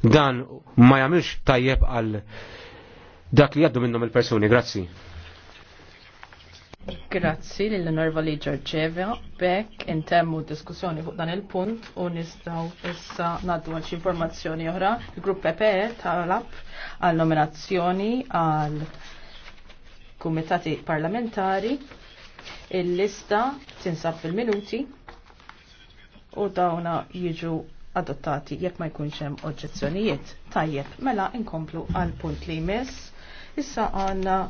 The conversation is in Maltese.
Dan ma jagħmilx tajjeb għal dak li jaddu minnhom il-persuni. Grazzi. Grazzi lill li ġorġeva bekk intemmu diskussjoni fuq dan il-punt u nistgħu issa ngħaddu għal xi informazzjoni oħra. Il-Grupp EPE talab għal nominazzjoni għal kumitati parlamentari il-lista tinsab fil-minuti u dawna jiġu adottati jekk ma jkunx hemm oġġezzjonijiet. Tajjeb, mela inkomplu għal punt li jmiss. Issa għandna